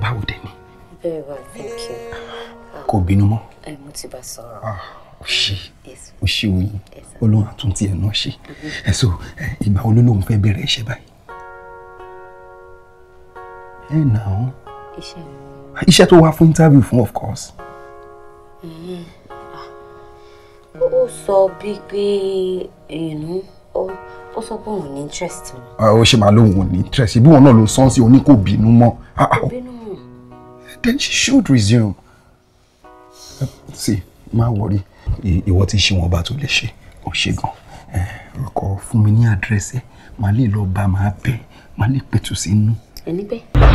báwo dẹ̀ ni. very well thank you. kò bínú mọ́. mo ti bá sọ̀rọ̀. òṣì òṣì òyìn olóhùn àtúntì ẹ̀ náà ṣe mm-hmm. ẹ̀ so ìgbà wo ló lóun fẹ́ bẹ̀rẹ̀ iṣẹ́ báyìí. ẹ nà án. iṣẹ́ ah, iṣẹ́ tó wá fún interview fún of course. Mm-hmm. Ah, ó sọ bíi pé ìnú ó ó sọ pé òun ní interest mi. Ah, ó ṣe máa lóun ò ní interest bí wọn náà ló sọ ọ sí oníkó bínú mọ́. bínú mọ́ then she should resume. Uh, see, my worry. You ti ṣe wọn bá tó lè ṣe, ó ṣe gan. Ọkọ fún mi ní àdírẹ́sì, màá lè lọ bá màá bẹ̀, màá lè pẹ̀tù sínú. Ẹni